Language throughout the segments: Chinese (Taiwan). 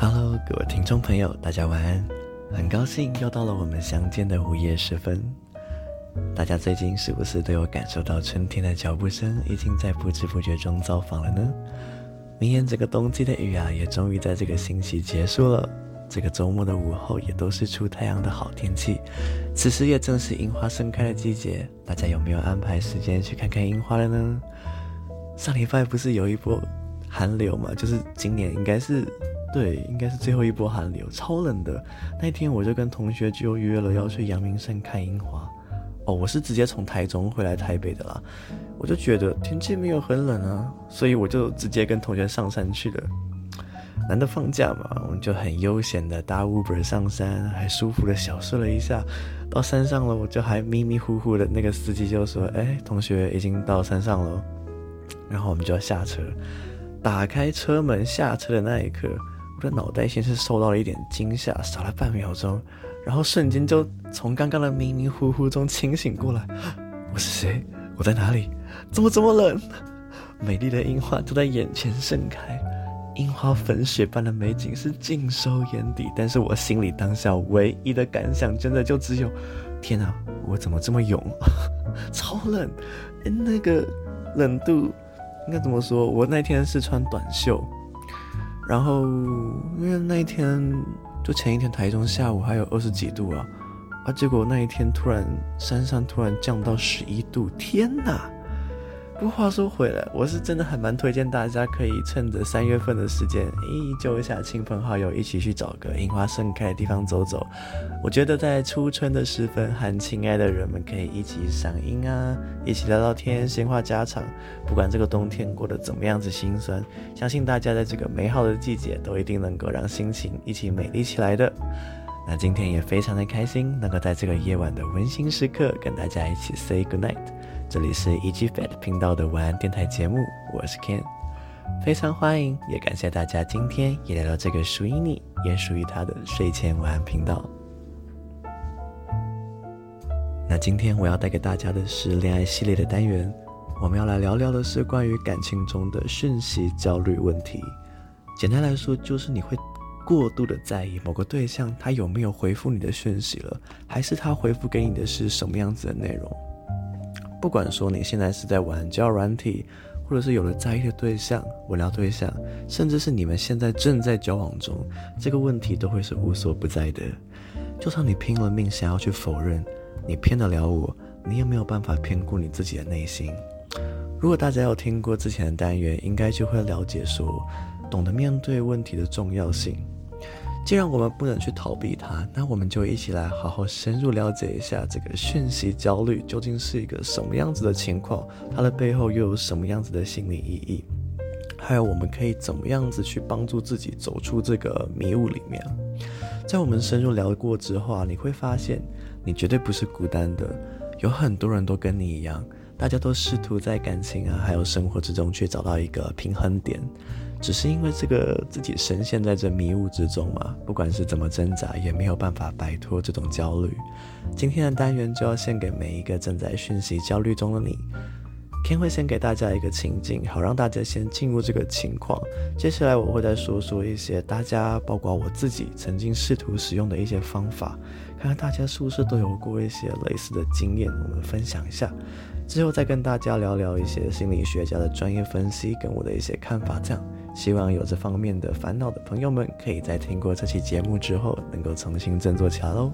哈嘍，各位聽眾朋友，大家晚安。很高興又到了我們相見的午夜時分。大家最近是不是都有感受到春天的腳步聲已經在不知不覺中造訪了呢？明年這個冬季的雨啊，也終於在這個星期結束了。這個周末的午後也都是出太陽的好天氣。此時也正是櫻花盛開的季節，大家有沒有安排時間去看看櫻花了呢？上禮拜不是有一波寒流嘛，就是今年應該是。對，應該是最後一波寒流，超冷的。那天我就跟同學就約了要去陽明山看櫻花。哦，我是直接從台中回來台北的啦。我就覺得天氣沒有很冷啊，所以我就直接跟同學上山去了。難得放假嘛，我們就很悠閒的搭 Uber 上山，還舒服的小睡了一下。到山上了，我就還迷迷糊糊的，那個司機就說：“哎，同學已經到山上了。”然後我們就要下車，打開車門下車的那一刻。我的腦袋先是受到了一點驚嚇，少了半秒鐘，然後瞬間就從剛剛的迷迷糊糊中清醒過來。我是誰？我在哪裡？怎麼這麼冷？美麗的櫻花就在眼前盛開，櫻花粉雪般的美景是盡收眼底。但是我心裡當下唯一的感想，真的就只有：天哪，啊，我怎麼這麼勇？超冷！欸，那個冷度應該怎麼說？我那天是穿短袖。然後，因為那一天就前一天，台中下午還有二十幾度啊，啊，結果那一天突然山上突然降到十一度，天吶！不過話說回來，我是真的還蠻推薦大家可以趁着三月份的時間，咦，叫一下親朋好友一起去找個櫻花盛開的地方走走。我覺得在初春的時分，和親愛的人們可以一起賞櫻啊，一起聊聊天，閒話家常。不管這個冬天過得怎麼樣子心酸，相信大家在這個美好的季節，都一定能夠讓心情一起美麗起來的。那今天也非常的開心，能夠在這個夜晚的溫馨時刻，跟大家一起 say good night。這裡是 EG Fat 頻道的晚安電台節目，我是 Ken，非常歡迎，也感謝大家今天也來到這個屬於你，也屬於他的睡前晚安頻道。那今天我要帶給大家的是戀愛系列的單元，我們要來聊聊的是關於感情中的訊息焦慮問題。簡單來說，就是你會過度的在意某個對象他有沒有回覆你的訊息了，還是他回覆給你的是什麼樣子的內容。不管說你現在是在玩交友軟體，或者是有了在意的對象、無聊對象，甚至是你們現在正在交往中，這個問題都會是無所不在的。就算你拼了命想要去否認，你騙得了我，你也沒有辦法騙過你自己的內心。如果大家有聽過之前的單元，應該就會了解說，懂得面對問題的重要性。既然我們不能去逃避它，那我們就一起來好好深入了解一下這個訊息焦慮究竟是一個什麼樣子的情況，它的背後又有什麼樣子的心理意義，還有我們可以怎麼樣子去幫助自己走出這個迷霧裡面。在我們深入聊過之後啊，你會發現你絕對不是孤單的，有很多人都跟你一樣，大家都試圖在感情啊還有生活之中去找到一個平衡點。只是因為這個自己深陷在這迷霧之中嘛，不管是怎麼掙扎，也沒有辦法擺脫這種焦慮。今天的單元就要獻給每一個正在訊息焦慮中的你。今天會先給大家一個情境，好讓大家先進入這個情況。接下來我會再說說一些大家，包括我自己，曾經試圖使用的一些方法，看看大家是不是都有過一些類似的經驗，我們分享一下。之後再跟大家聊聊一些心理學家的專業分析跟我的一些看法，這樣。希望有這方面的煩惱的朋友們，可以在聽過這期節目之後，能夠重新振作起來嘍。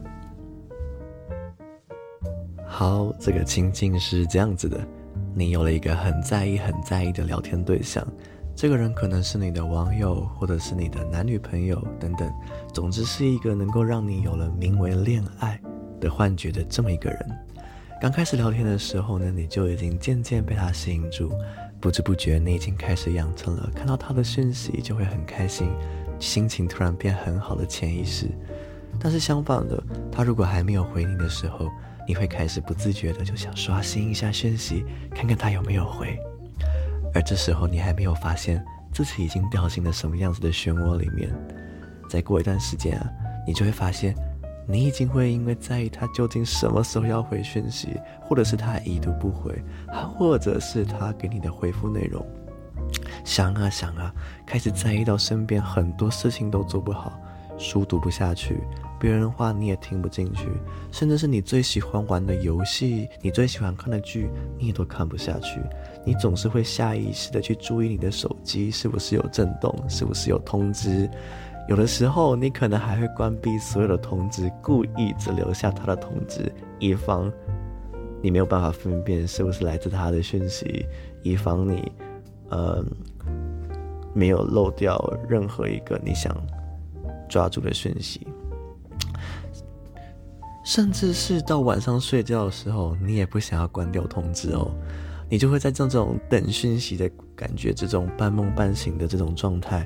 好，這個情境是這樣子的，你有了一個很在意、很在意的聊天對象，這個人可能是你的網友，或者是你的男女朋友等等，總之是一個能夠讓你有了名為戀愛的幻覺的這麼一個人。剛開始聊天的時候呢，你就已經漸漸被他吸引住。不知不覺，你已經開始養成了看到他的訊息就會很開心，心情突然變很好的潛意識。但是相反的，他如果還沒有回你的時候，你會開始不自覺的就想刷新一下訊息，看看他有沒有回。而這時候你還沒有發現自己已經掉進了什麼樣子的漩渦裡面。再過一段時間啊，你就會發現。你已經會因為在意他究竟什麼時候要回訊息，或者是他已讀不回，還、啊、或者是他給你的回復內容，想啊想啊，開始在意到身邊很多事情都做不好，書讀不下去，別人的話你也聽不進去，甚至是你最喜歡玩的遊戲，你最喜歡看的劇，你也都看不下去。你總是會下意識的去注意你的手機是不是有震動，是不是有通知。有的時候，你可能還會關閉所有的通知，故意只留下他的通知，以防你沒有辦法分辨是不是來自他的訊息，以防你呃、嗯、沒有漏掉任何一個你想抓住的訊息，甚至是到晚上睡覺的時候，你也不想要關掉通知哦，你就會在這種等訊息的感覺，這種半夢半醒的這種狀態。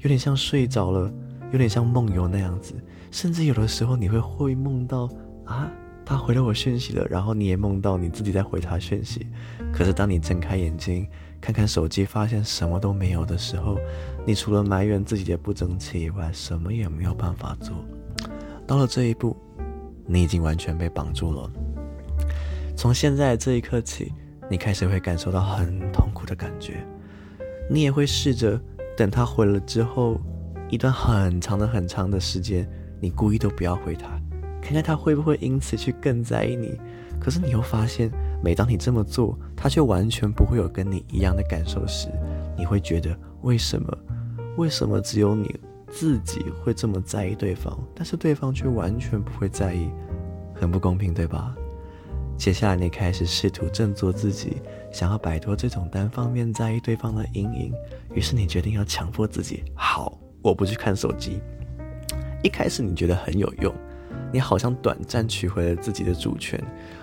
有點像睡着了，有點像夢遊那樣子，甚至有的時候你會會夢到啊，他回了我訊息了，然後你也夢到你自己在回他訊息，可是當你睜開眼睛看看手機，發現什麼都沒有的時候，你除了埋怨自己的不爭氣以外，什麼也沒有辦法做。到了這一步，你已經完全被綁住了。從現在這一刻起，你開始會感受到很痛苦的感覺，你也會試着。等他回了之後，一段很長的很長的時間，你故意都不要回他，看看他會不會因此去更在意你。可是你又發現，每當你這麼做，他卻完全不會有跟你一樣的感受時，你會覺得，為什麼？為什麼只有你自己會這麼在意對方，但是對方卻完全不會在意？很不公平，對吧？接下來，你開始試圖振作自己，想要擺脫這種單方面在意對方的陰影。於是，你決定要強迫自己：好，我不去看手機。一開始，你覺得很有用，你好像短暫取回了自己的主權。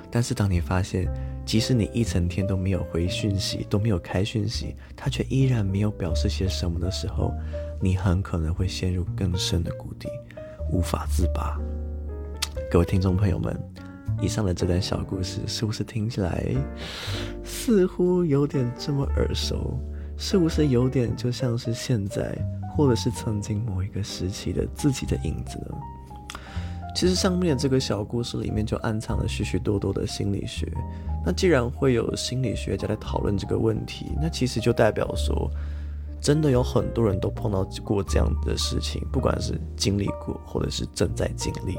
但是，當你發現，即使你一整天都沒有回訊息，都沒有開訊息，他卻依然沒有表示些什麼的時候，你很可能會陷入更深的谷底，無法自拔。各位聽眾朋友們。以上的這段小故事，是不是聽起來似乎有點這麼耳熟？是不是有點就像是現在或者是曾經某一個時期的自己的影子呢？其實上面的這個小故事裡面就暗藏了許許多多的心理學。那既然會有心理學家來討論這個問題，那其實就代表說。真的有很多人都碰到過這樣的事情，不管是經歷過或者是正在經歷。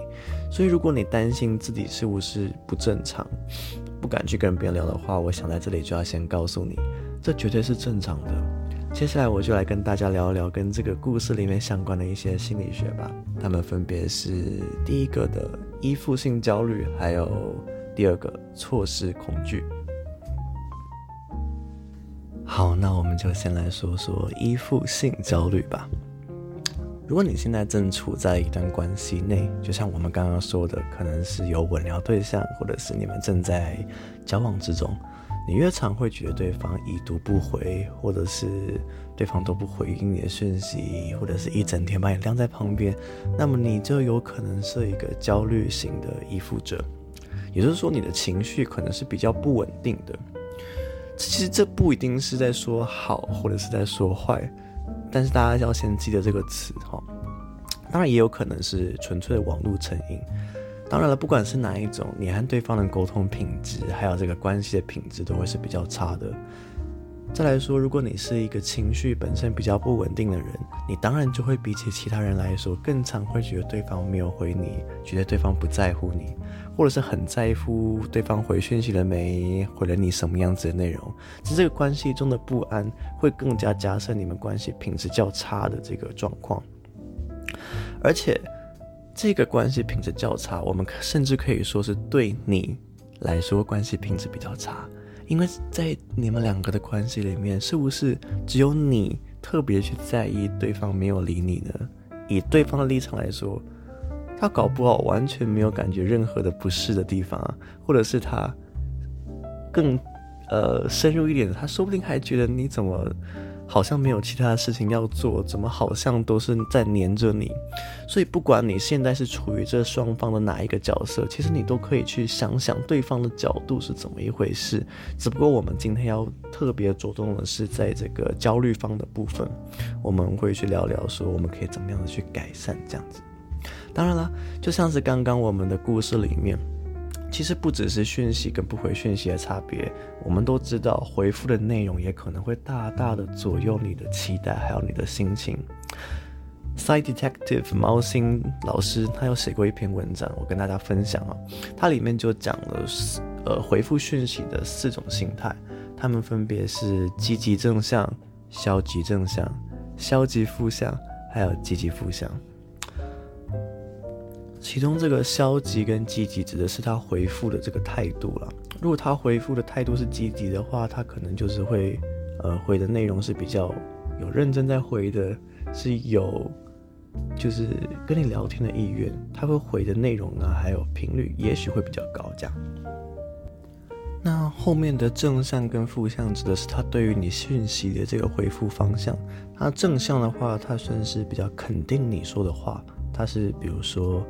所以，如果你擔心自己是不是不正常，不敢去跟別人聊的話，我想在這裡就要先告訴你，這絕對是正常的。接下來我就來跟大家聊一聊跟這個故事裡面相關的一些心理學吧。它們分別是第一個的依附性焦慮，還有第二個錯失恐懼。好，那我們就先來說說依附性焦慮吧。如果你現在正處在一段關係內，就像我們剛剛說的，可能是有穩聊對象，或者是你們正在交往之中，你越常會覺得對方已讀不回，或者是對方都不回應你的訊息，或者是一整天把你晾在旁邊，那麽你就有可能是一個焦慮型的依附者，也就是說，你的情緒可能是比較不穩定的。其實這不一定是在說好，或者是在說壞，但是大家要先記得這個詞哈。當然也有可能是純粹的網絡成癮。當然了，不管是哪一種，你和對方的溝通品質，還有這個關係的品質，都會是比較差的。再來說，如果你是一個情緒本身比較不穩定的人，你當然就會比起其他人來說，更常會覺得對方沒有回你，覺得對方不在乎你，或者是很在乎對方回訊息了沒，回了你什麼樣子的內容。其實這個關係中的不安，會更加加深你們關係品質較差的這個狀況。而且，這個關係品質較差，我們甚至可以說是對你來說，關係品質比較差。因為在你們兩個的關係裡面，是不是只有你特別去在意對方沒有理你呢？以對方的立場來說，他搞不好完全沒有感覺任何的不適的地方，或者是他更呃深入一點，他說不定還覺得你怎麼？好像沒有其他的事情要做，怎麼好像都是在黏着你？所以不管你現在是處於這雙方的哪一個角色，其實你都可以去想想對方的角度是怎麼一回事。只不過我們今天要特別着重的是，在這個焦慮方的部分，我們會去聊聊說我們可以怎麼樣的去改善這樣子。當然了，就像是剛剛我們的故事裡面。其實不只是訊息跟不回訊息的差別，我們都知道回復的內容也可能會大大的左右你的期待，還有你的心情。Psydetective 貓心老師他有寫過一篇文章，我跟大家分享啊，它裡面就講了呃回復訊息的四種心態，它們分別是積極正向、消極正向、消極負向，還有積極負向。其中這個消極跟積極指的是他回覆的這個態度啦，如果他回覆的態度是積極的話，他可能就是會，呃，回的內容是比較有認真在回的，是有就是跟你聊天的意願。他會回的內容呢，還有頻率，也許會比較高。這樣。那後面的正向跟負向指的是他對於你訊息的這個回覆方向。他正向的話，他算是比較肯定你說的話，他是比如說。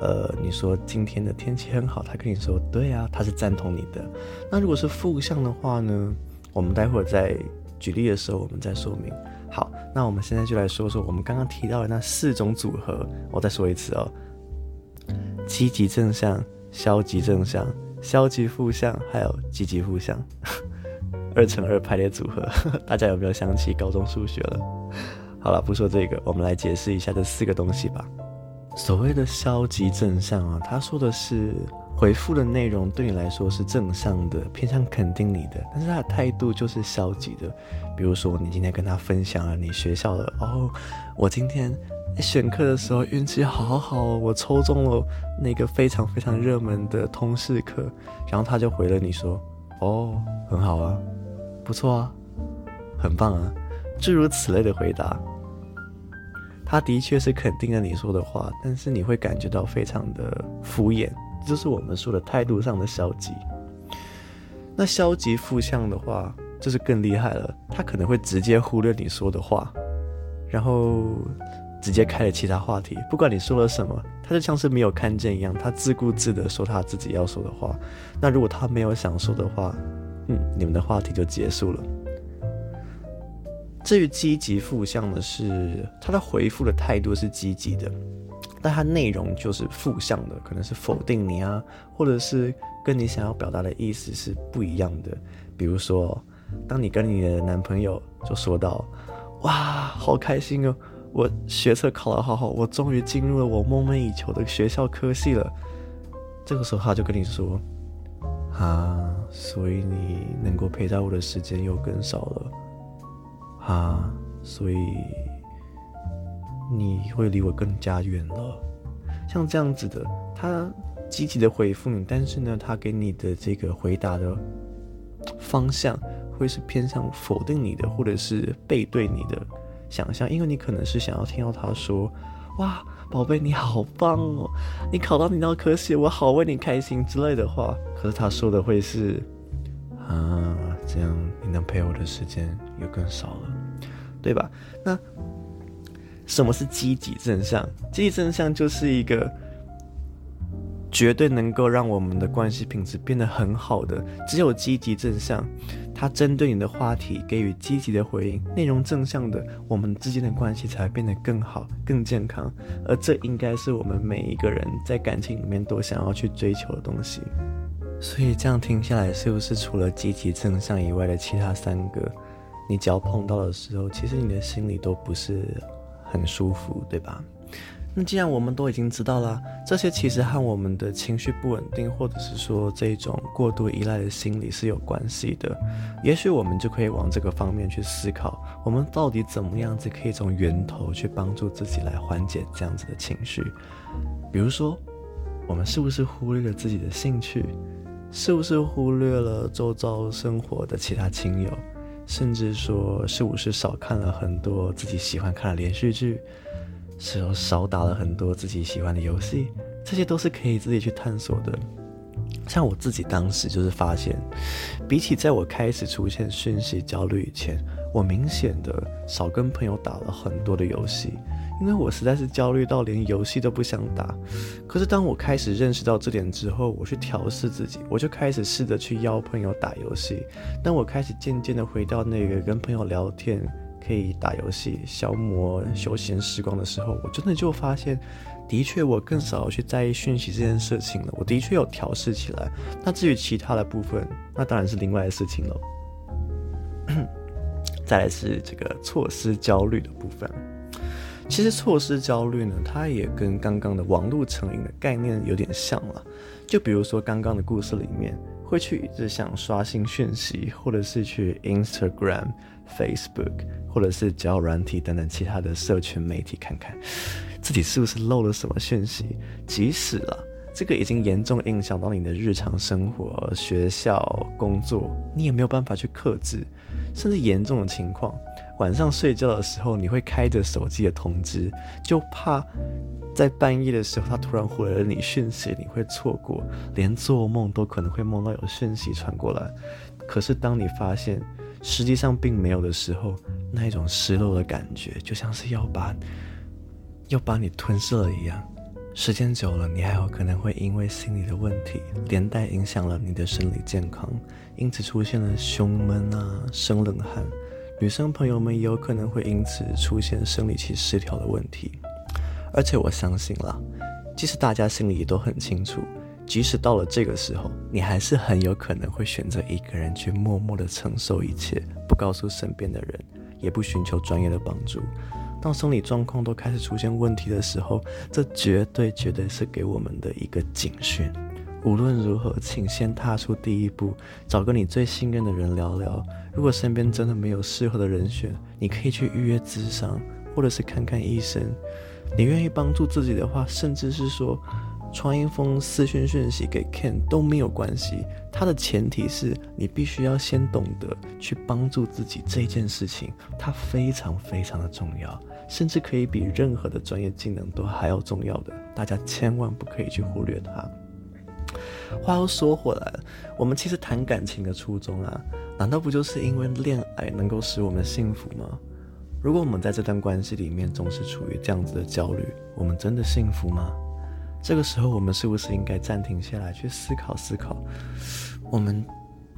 呃，你說今天的天氣很好，他跟你說對啊，他是贊同你的。那如果是負向的話呢？我們待會兒在舉例的時候，我們再說明。好，那我們現在就來說說我們剛剛提到的那四種組合。我再說一次哦，積極正向、消極正向、消極負向，還有積極負向，呵呵，二乘二排列組合，呵呵，大家有沒有想起高中數學了？好了，不說這個，我們來解釋一下這四個東西吧。所謂的消極正向啊，他說的是回復的內容對你來說是正向的，偏向肯定你的，但是他的態度就是消極的。比如說，你今天跟他分享了、啊、你學校的哦，我今天選課的時候運氣好好好哦，我抽中了那個非常非常熱門的通識課，然後他就回了你說，哦，很好啊，不錯啊，很棒啊，諸如此類的回答。他的確是肯定了你說的話，但是你會感覺到非常的敷衍，這、就是我們說的態度上的消極。那消極負向的話，就是更厲害了。他可能會直接忽略你說的話，然後直接開了其他話題。不管你說了什麼，他就像是沒有看見一樣，他自顧自的說他自己要說的話。那如果他沒有想說的話，嗯，你們的話題就結束了。至於積極負向的是，是他的回復的態度是積極的，但他內容就是負向的，可能是否定你啊，或者是跟你想要表達的意思是不一樣的。比如說，當你跟你的男朋友就說到，哇，好開心哦，我學測考得好好，我終於進入了我夢寐以求的學校科系了，這個時候他就跟你說，啊，所以你能夠陪在我的時間又更少了。啊，所以你會離我更加遠了。像這樣子的，他積極的回復你，但是呢，他給你的這個回答的方向會是偏向否定你的，或者是背對你的想象，因為你可能是想要聽到他說：“哇，寶貝，你好棒哦，你考到你那科系，我好為你開心”之類的話。可是他說的會是：“啊，這樣你能陪我的時間也更少了。”對吧？那什麼是積極正向？積極正向就是一個絕對能夠讓我們的關係品質變得很好的，只有積極正向，它針對你的話題給予積極的回應，內容正向的，我們之間的關係才會變得更好、更健康。而這應該是我們每一個人在感情裡面都想要去追求的東西。所以這樣聽下來，是不是除了積極正向以外的其他三個？你只要碰到的時候，其實你的心裡都不是很舒服，對吧？那既然我們都已經知道了，這些其實和我們的情緒不穩定，或者是說這種過度依賴的心理是有關係的。也許我們就可以往這個方面去思考，我們到底怎麼樣子可以從源頭去幫助自己來緩解這樣子的情緒。比如說，我們是不是忽略了自己的興趣？是不是忽略了周遭生活的其他親友？甚至說，是不是少看了很多自己喜歡看的連續劇，是否少打了很多自己喜歡的遊戲？這些都是可以自己去探索的。像我自己當時就是發現，比起在我開始出現訊息焦慮以前，我明顯的少跟朋友打了很多的遊戲。因為我實在是焦慮到連遊戲都不想打，可是當我開始認識到這點之後，我去調試自己，我就開始試着去邀朋友打遊戲。當我開始漸漸的回到那個跟朋友聊天、可以打遊戲消磨休閒時光的時候，我真的就發現，的確我更少去在意訊息這件事情了。我的確有調試起來，那至於其他的部分，那當然是另外的事情了。 再來是這個錯失焦慮的部分。其實錯失焦慮呢，它也跟剛剛的網絡成癮的概念有點像了。就比如說剛剛的故事裡面，會去一直想刷新訊息，或者是去 Instagram、Facebook，或者是交友軟體等等其他的社群媒體看看，自己是不是漏了什麼訊息。即使了，這個已經嚴重影響到你的日常生活、學校、工作，你也沒有辦法去克制，甚至嚴重的情況。晚上睡覺的時候，你會開着手機的通知，就怕在半夜的時候它突然回了你訊息，你會錯過，連做夢都可能會夢到有訊息傳過來。可是當你發現實際上並沒有的時候，那一種失落的感覺就像是要把要把你吞噬了一樣。時間久了，你還有可能會因為心理的問題，連帶影響了你的生理健康，因此出現了胸悶啊、生冷汗。女生朋友們也有可能會因此出現生理期失調的問題，而且我相信啦，即使大家心裡都很清楚，即使到了這個時候，你還是很有可能會選擇一個人去默默的承受一切，不告訴身邊的人，也不尋求專業的幫助。當生理狀況都開始出現問題的時候，這絕對絕對是給我們的一個警訊。無論如何，請先踏出第一步，找個你最信任的人聊聊。如果身邊真的沒有適合的人選，你可以去預約諮商，或者是看看醫生。你願意幫助自己的話，甚至是說傳一封私訊訊息給 Ken 都沒有關係。它的前提是你必須要先懂得去幫助自己這件事情，它非常非常的重要，甚至可以比任何的專業技能都還要重要的。的大家千萬不可以去忽略它。話又說回來，我們其實談感情的初衷啊，難道不就是因為戀愛能夠使我們幸福嗎？如果我們在這段關係裡面總是處於這樣子的焦慮，我們真的幸福嗎？這個時候，我們是不是應該暫停下來，去思考思考，我們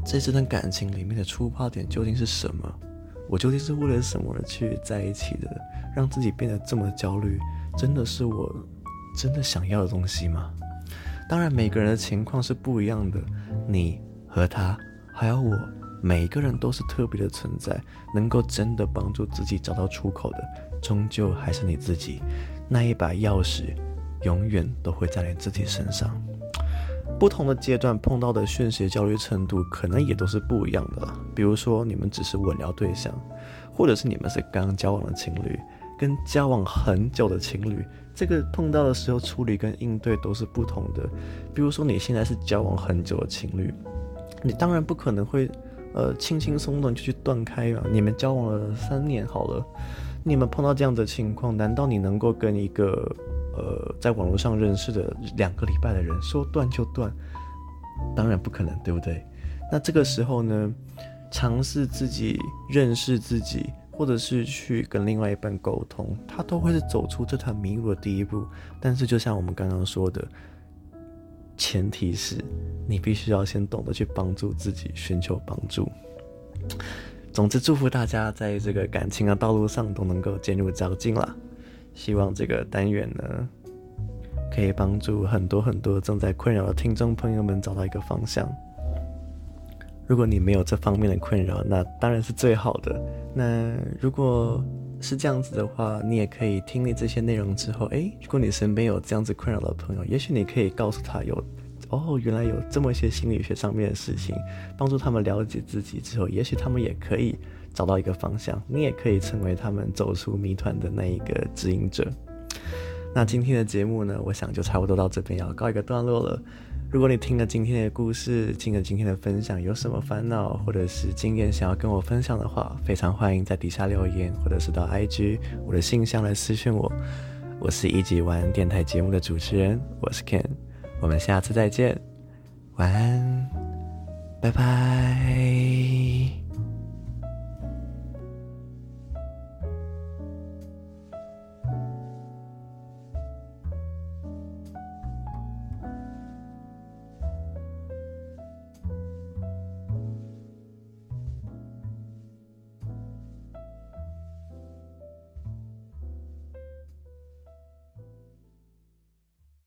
在這段感情裡面的出發點究竟是什麼？我究竟是為了什麼而去在一起的？讓自己變得這麼焦慮，真的是我真的想要的東西嗎？當然，每個人的情況是不一樣的。你和他，還有我，每一個人都是特別的存在。能夠真的幫助自己找到出口的，終究還是你自己。那一把鑰匙，永遠都會在你自己身上。不同的階段碰到的訊息焦慮程度，可能也都是不一樣的。比如說，你們只是穩聊對象，或者是你們是剛交往的情侶。跟交往很久的情侶，這個碰到的時候處理跟應對都是不同的。比如說，你現在是交往很久的情侶，你當然不可能會，呃，輕輕松鬆就去斷開啊。你們交往了三年好了，你們碰到這樣的情況，難道你能夠跟一個，呃，在網絡上認識的兩個禮拜的人說斷就斷？當然不可能，對不對？那這個時候呢，嘗試自己認識自己。或者是去跟另外一半溝通，他都會是走出這條迷霧的第一步。但是，就像我們剛剛說的，前提是你必須要先懂得去幫助自己，尋求幫助。總之，祝福大家在這個感情的道路上都能夠漸入佳境啦！希望這個單元呢，可以幫助很多很多正在困擾的聽眾朋友們找到一個方向。如果你沒有這方面的困擾，那當然是最好的。那如果是這樣子的話，你也可以聽了這些內容之後，誒，如果你身邊有這樣子困擾的朋友，也許你可以告訴他有，哦，原來有這麼一些心理學上面的事情，幫助他們了解自己之後，也許他們也可以找到一個方向。你也可以成為他們走出謎團的那一個指引者。那今天的節目呢，我想就差不多到這邊要告一個段落了。如果你聽了今天的故事，聽了今天的分享，有什麼煩惱或者是經驗想要跟我分享的話，非常歡迎在底下留言，或者是到 IG 我的信箱來私訊我。我是一級晚安電台節目的主持人，我是 Ken，我們下次再見，晚安，拜拜。